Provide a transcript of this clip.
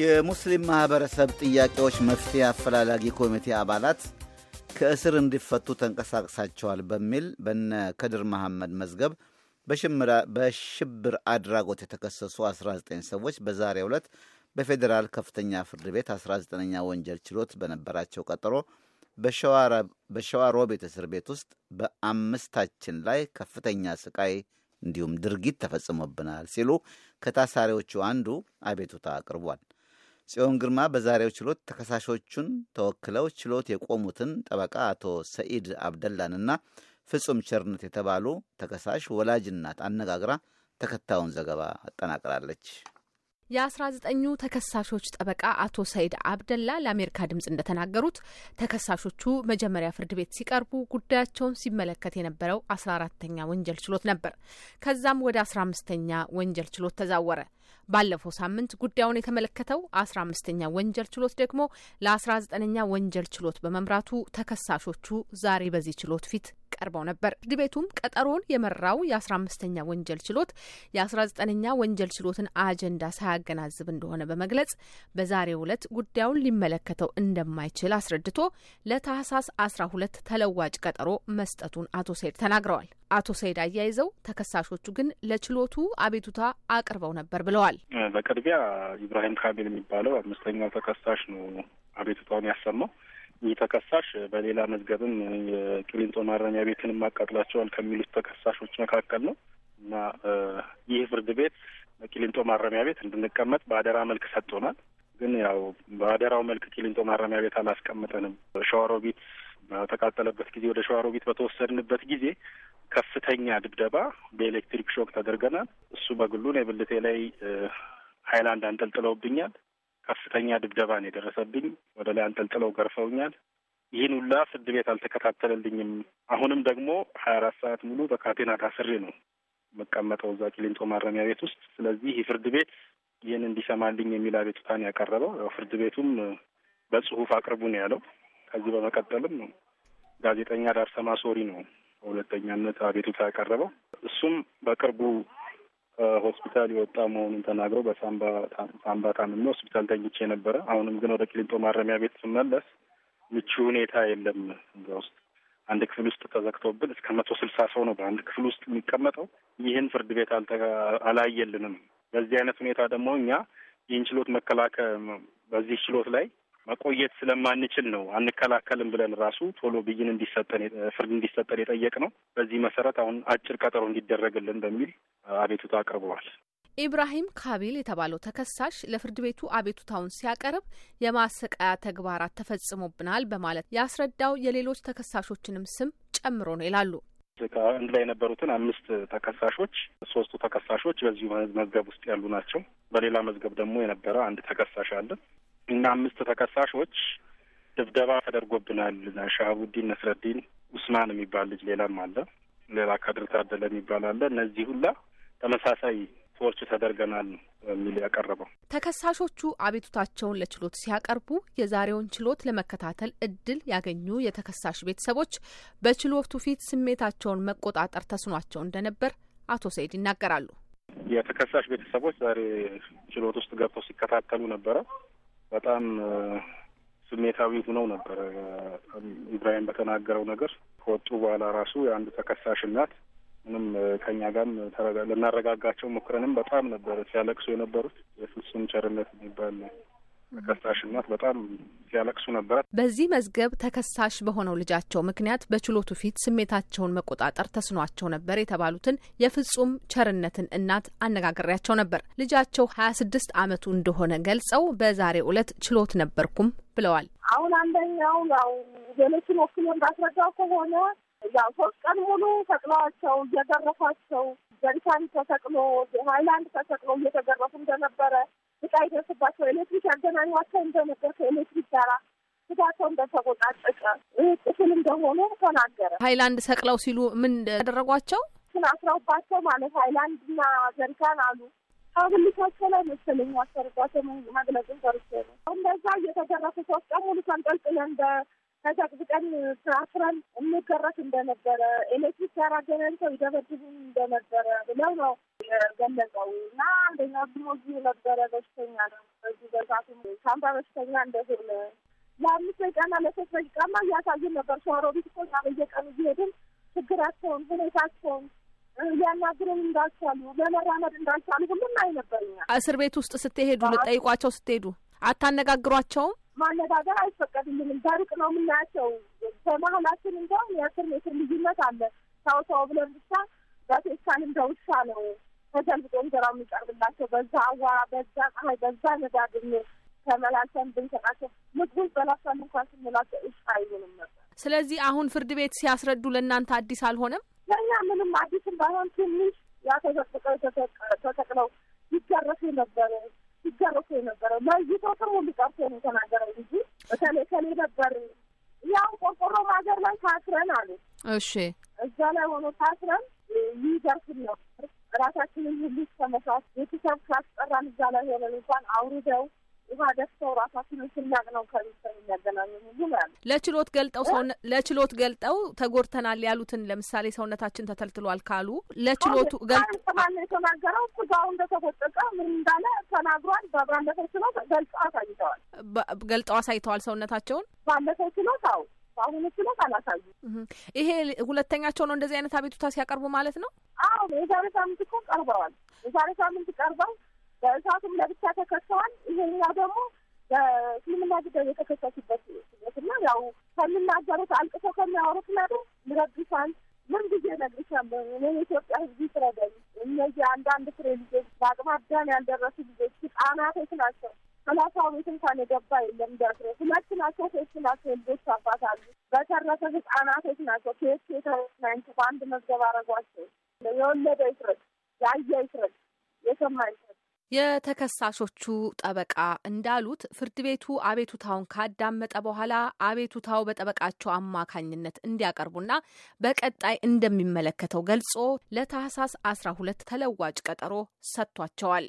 የሙስሊም ማህበረሰብ ጥያቄዎች መፍትሄ አፈላላጊ ኮሚቴ አባላት ከእስር እንዲፈቱ ተንቀሳቅሳቸዋል በሚል በነ ከድር መሐመድ መዝገብ በሽብር አድራጎት የተከሰሱ 19 ሰዎች በዛሬው ዕለት በፌዴራል ከፍተኛ ፍርድ ቤት 19ኛ ወንጀል ችሎት በነበራቸው ቀጠሮ በሸዋ እስር ቤት ውስጥ በአምስታችን ላይ ከፍተኛ ስቃይ እንዲሁም ድርጊት ተፈጽሞብናል ሲሉ ከታሳሪዎቹ አንዱ አቤቱታ አቅርቧል። ጽዮን ግርማ በዛሬው ችሎት ተከሳሾቹን ተወክለው ችሎት የቆሙትን ጠበቃ አቶ ሰኢድ አብደላንና ፍጹም ቸርነት የተባሉ ተከሳሽ ወላጅናት አነጋግራ ተከታዩን ዘገባ አጠናቅራለች። የአስራ ዘጠኙ ተከሳሾች ጠበቃ አቶ ሰይድ አብደላ ለአሜሪካ ድምጽ እንደተናገሩት ተከሳሾቹ መጀመሪያ ፍርድ ቤት ሲቀርቡ ጉዳያቸውን ሲመለከት የነበረው አስራ አራተኛ ወንጀል ችሎት ነበር። ከዛም ወደ አስራ አምስተኛ ወንጀል ችሎት ተዛወረ። ባለፈው ሳምንት ጉዳዩን የተመለከተው አስራ አምስተኛ ወንጀል ችሎት ደግሞ ለአስራ ዘጠነኛ ወንጀል ችሎት በመምራቱ ተከሳሾቹ ዛሬ በዚህ ችሎት ፊት ቀርበው ነበር። ፍርድ ቤቱም ቀጠሮን የመራው የአስራ አምስተኛ ወንጀል ችሎት የአስራ ዘጠነኛ ወንጀል ችሎትን አጀንዳ ሳያገናዝብ እንደሆነ በመግለጽ በዛሬው ዕለት ጉዳዩን ሊመለከተው እንደማይችል አስረድቶ ለታህሳስ አስራ ሁለት ተለዋጭ ቀጠሮ መስጠቱን አቶ ሰይድ ተናግረዋል። አቶ ሰይድ አያይዘው ተከሳሾቹ ግን ለችሎቱ አቤቱታ አቅርበው ነበር ብለዋል። በቅድሚያ ኢብራሂም ካሚል የሚባለው አምስተኛው ተከሳሽ ነው አቤቱታውን ያሰማው። ተከሳሽ በሌላ መዝገብም የቅሊንጦ ማረሚያ ቤትን ማቃጥላቸዋል ከሚሉት ተከሳሾች መካከል ነው እና ይህ ፍርድ ቤት በቂሊንጦ ማረሚያ ቤት እንድንቀመጥ በአደራ መልክ ሰጥቶናል። ግን ያው በአደራው መልክ ቅሊንጦ ማረሚያ ቤት አላስቀምጠንም። ሸዋሮቢት በተቃጠለበት ጊዜ ወደ ሸዋሮቢት በተወሰድንበት ጊዜ ከፍተኛ ድብደባ በኤሌክትሪክ ሾክ ተደርገናል። እሱ በግሉን የብልቴ ላይ ሀይላንድ አንጠልጥለውብኛል። ከፍተኛ ነው የደረሰብኝ። ወደ ላይ አንጠልጥለው ገርፈውኛል። ይህን ሁላ ፍርድ ቤት አልተከታተለልኝም። አሁንም ደግሞ ሀያ አራት ሰዓት ሙሉ በካቴና ታስሬ ነው መቀመጠው እዛ ቂሊንጦ ማረሚያ ቤት ውስጥ። ስለዚህ ፍርድ ቤት ይህን እንዲሰማልኝ የሚል አቤቱታን ያቀረበው ፍርድ ቤቱም በጽሁፍ አቅርቡ ነው ያለው። ከዚህ በመቀጠልም ጋዜጠኛ ዳርሰማ ሶሪ ነው በሁለተኛነት አቤቱታ ያቀረበው። እሱም በቅርቡ ሆስፒታል የወጣ መሆኑን ተናግረው በሳምባ ታምሜ ሆስፒታል ተኝቼ ነበረ። አሁንም ግን ወደ ቂሊንጦ ማረሚያ ቤት ስመለስ ምቹ ሁኔታ የለም። እዛ ውስጥ አንድ ክፍል ውስጥ ተዘግቶብን እስከ መቶ ስልሳ ሰው ነው በአንድ ክፍል ውስጥ የሚቀመጠው። ይህን ፍርድ ቤት አላየልንም። በዚህ አይነት ሁኔታ ደግሞ እኛ ይህን ችሎት መከላከል በዚህ ችሎት ላይ መቆየት ስለማንችል ነው አንከላከልም ብለን ራሱ ቶሎ ብይን እንዲሰጠን ፍርድ እንዲሰጠን የጠየቅ ነው። በዚህ መሰረት አሁን አጭር ቀጠሮ እንዲደረግልን በሚል አቤቱታ አቅርበዋል። ኢብራሂም ካቢል የተባለው ተከሳሽ ለፍርድ ቤቱ አቤቱታውን ሲያቀርብ የማሰቃያ ተግባራት ተፈጽሞብናል በማለት ያስረዳው የሌሎች ተከሳሾችንም ስም ጨምሮ ነው ይላሉ። አንድ ላይ የነበሩትን አምስት ተከሳሾች ሶስቱ ተከሳሾች በዚሁ መዝገብ ውስጥ ያሉ ናቸው። በሌላ መዝገብ ደግሞ የነበረ አንድ ተከሳሽ አለ። እና አምስት ተከሳሾች ድብደባ ተደርጎብናል። ሻሃቡዲን ነስረዲን፣ ኡስማን የሚባል ልጅ ሌላም አለ። ሌላ ከድር ታደለ የሚባል አለ። እነዚህ ሁላ ተመሳሳይ ሰዎች ተደርገናል የሚል ያቀረበው ተከሳሾቹ አቤቱታቸውን ለችሎት ሲያቀርቡ የዛሬውን ችሎት ለመከታተል እድል ያገኙ የተከሳሽ ቤተሰቦች በችሎቱ ፊት ስሜታቸውን መቆጣጠር ተስኗቸው እንደነበር አቶ ሰይድ ይናገራሉ። የተከሳሽ ቤተሰቦች ዛሬ ችሎት ውስጥ ገብተው ሲከታተሉ ነበረ። በጣም ስሜታዊ ሁነው ነበር። ኢብራሂም በተናገረው ነገር ከወጡ በኋላ ራሱ የአንድ ተከሳሽ እናት ምንም ከኛ ጋም ልናረጋጋቸው ሞክረንም በጣም ነበር ሲያለቅሱ የነበሩት። የፍጹም ቸርነት የሚባል ተከሳሽነት በጣም ሲያለቅሱ ነበረ። በዚህ መዝገብ ተከሳሽ በሆነው ልጃቸው ምክንያት በችሎቱ ፊት ስሜታቸውን መቆጣጠር ተስኗቸው ነበር የተባሉትን የፍጹም ቸርነትን እናት አነጋግሬያቸው ነበር። ልጃቸው ሀያ ስድስት አመቱ እንደሆነ ገልጸው በዛሬ ዕለት ችሎት ነበርኩም ብለዋል። አሁን አንደኛው ያው ሌሎችን ወክሎ እንዳስረዳው ከሆነ ያው ሶስት ቀን ሙሉ ሰቅለዋቸው እየገረፏቸው ጀሪካን ተሰቅሎ ሀይላንድ ተሰቅሎ እየተገረፉ እንደነበረ እጣ ይደርስባቸው ኤሌክትሪክ ያገናኟቸውን እንደነበር ከኤሌክትሪክ ጋራ ስጋቸው እንደተቆጣጠቀ ጥፍል እንደሆኑ ተናገረ። ሀይላንድ ሰቅለው ሲሉ ምን ያደረጓቸው ስን አስረውባቸው ማለት ሀይላንድ ሀይላንድና ጀሪካን አሉ ከብልቶቸው ላይ መሰለኝ አሰርባቸው መግለጽን ተርቼ ነው እንደዛ እየተደረሱ ሶስት ቀን ሙሉ ተንጠልጥለን በ ተዘቅዝቀን ፍራፍራን እንከረት እንደነበረ ኤሌክትሪክ ያራገበን ሰው ይደበድቡን እንደነበረ ብለው ነው ገለጸው እና አንደኛ ደግሞ ነበረ በሽተኛ ነው። በዚህ በዛቱ ሳምባ በሽተኛ እንደሆነ ለአምስት ደቂቃና ለሶስት ደቂቃማ እያሳየን ነበር። ሸዋሮቢት እኮ እኛ በየቀኑ እየሄድን ችግራቸውን፣ ሁኔታቸውን ሊያናግሩን እንዳልቻሉ፣ ለመራመድ እንዳልቻሉ ሁሉም አይነበርኛ እስር ቤት ውስጥ ስትሄዱ ልጠይቋቸው ስትሄዱ አታነጋግሯቸውም ማነጋገር አይፈቀድልንም። በሩቅ ነው የምናያቸው። በመሀላችን እንደውም የአስር ሜትር ልዩነት አለ። ሰው ሰው ብለን ብቻ በቴስታን እንደ ውሻ ነው ተገልብጦ እንጀራ የሚቀርብላቸው። በዛ አዋራ፣ በዛ ፀሐይ፣ በዛ ነዳድም ተመላልሰን ብንሰጣቸው ምግቡን በላሳን እንኳን ስንላቸው ውሻ አይሆንም ነበር። ስለዚህ አሁን ፍርድ ቤት ሲያስረዱ ለእናንተ አዲስ አልሆነም። ለእኛ ምንም አዲስም ባይሆን ትንሽ ያ ተዘቅጠው ተሰቅለው ይገረፉ ነበር ሲገረሱ የነበረው ሰው ጥሩ ሊቀርቶ ነው የተናገረው ልጁ በተለይ ከሌ ነበር ያው ቆርቆሮ ሀገር ላይ ታስረን አሉ። እሺ እዛ ላይ ሆኖ ታስረን ይደርስን ነበር። ራሳችንን ሁሉ እስከ ቤተሰብ ካስጠራን እዛ ላይ ሆነን እንኳን አውርደው ውሃ ደፍተው ራሳችን ስናቅ ነው ከቤተሰብ የሚያገናኙ ሁሉ ያሉ ለችሎት ገልጠው ሰውነ ለችሎት ገልጠው ተጎድተናል ያሉትን ለምሳሌ ሰውነታችን ተተልትሏል ካሉ ለችሎቱ ገልጠማን የተናገረው ስጋው እንደተቆጠቀ ምን እንዳለ ተናግሯል። ባለፈው ችሎት ገልጠው አሳይተዋል። ገልጠው አሳይተዋል ሰውነታቸውን ባለፈው ችሎት አው በአሁኑ ችሎት አላሳዩ። ይሄ ሁለተኛቸው ነው እንደዚህ አይነት አቤቱታ ሲያቀርቡ ማለት ነው። አዎ የዛሬ ሳምንት እኮ ቀርበዋል። የዛሬ ሳምንት ቀርበው በእሳቱም ለብቻ ተከሰዋል። ይሄኛ ደግሞ በእስልምና ጉዳይ የተከሰሱበት እና ያው ከሚናገሩት አልቅሰው ከሚያወሩት ነገር ይረግሳል። ምን ጊዜ እነግርሻለሁ እኔ የኢትዮጵያ ሕዝብ ይፍረደኝ። እነዚህ አንዳንድ ፍሬ ልጆች በአቅመ አዳም ያልደረሱ ልጆች ሕጻናቶች ናቸው። ሰላሳ ቤት እንኳን የገባ የለም ደፍሮ ሁለት ናቸው ሶስት ናቸው ልጆች አባት አሉ። በተረፈ ሕጻናቶች ናቸው። ከየት የተናንጭ በአንድ መዝገብ አረጓቸው። የወለደ ይፍረድ፣ ያየ የተከሳሾቹ ጠበቃ እንዳሉት ፍርድ ቤቱ አቤቱታውን ካዳመጠ በኋላ አቤቱታው በጠበቃቸው አማካኝነት እንዲያቀርቡና በቀጣይ እንደሚመለከተው ገልጾ ለታህሳስ 12 ተለዋጭ ቀጠሮ ሰጥቷቸዋል።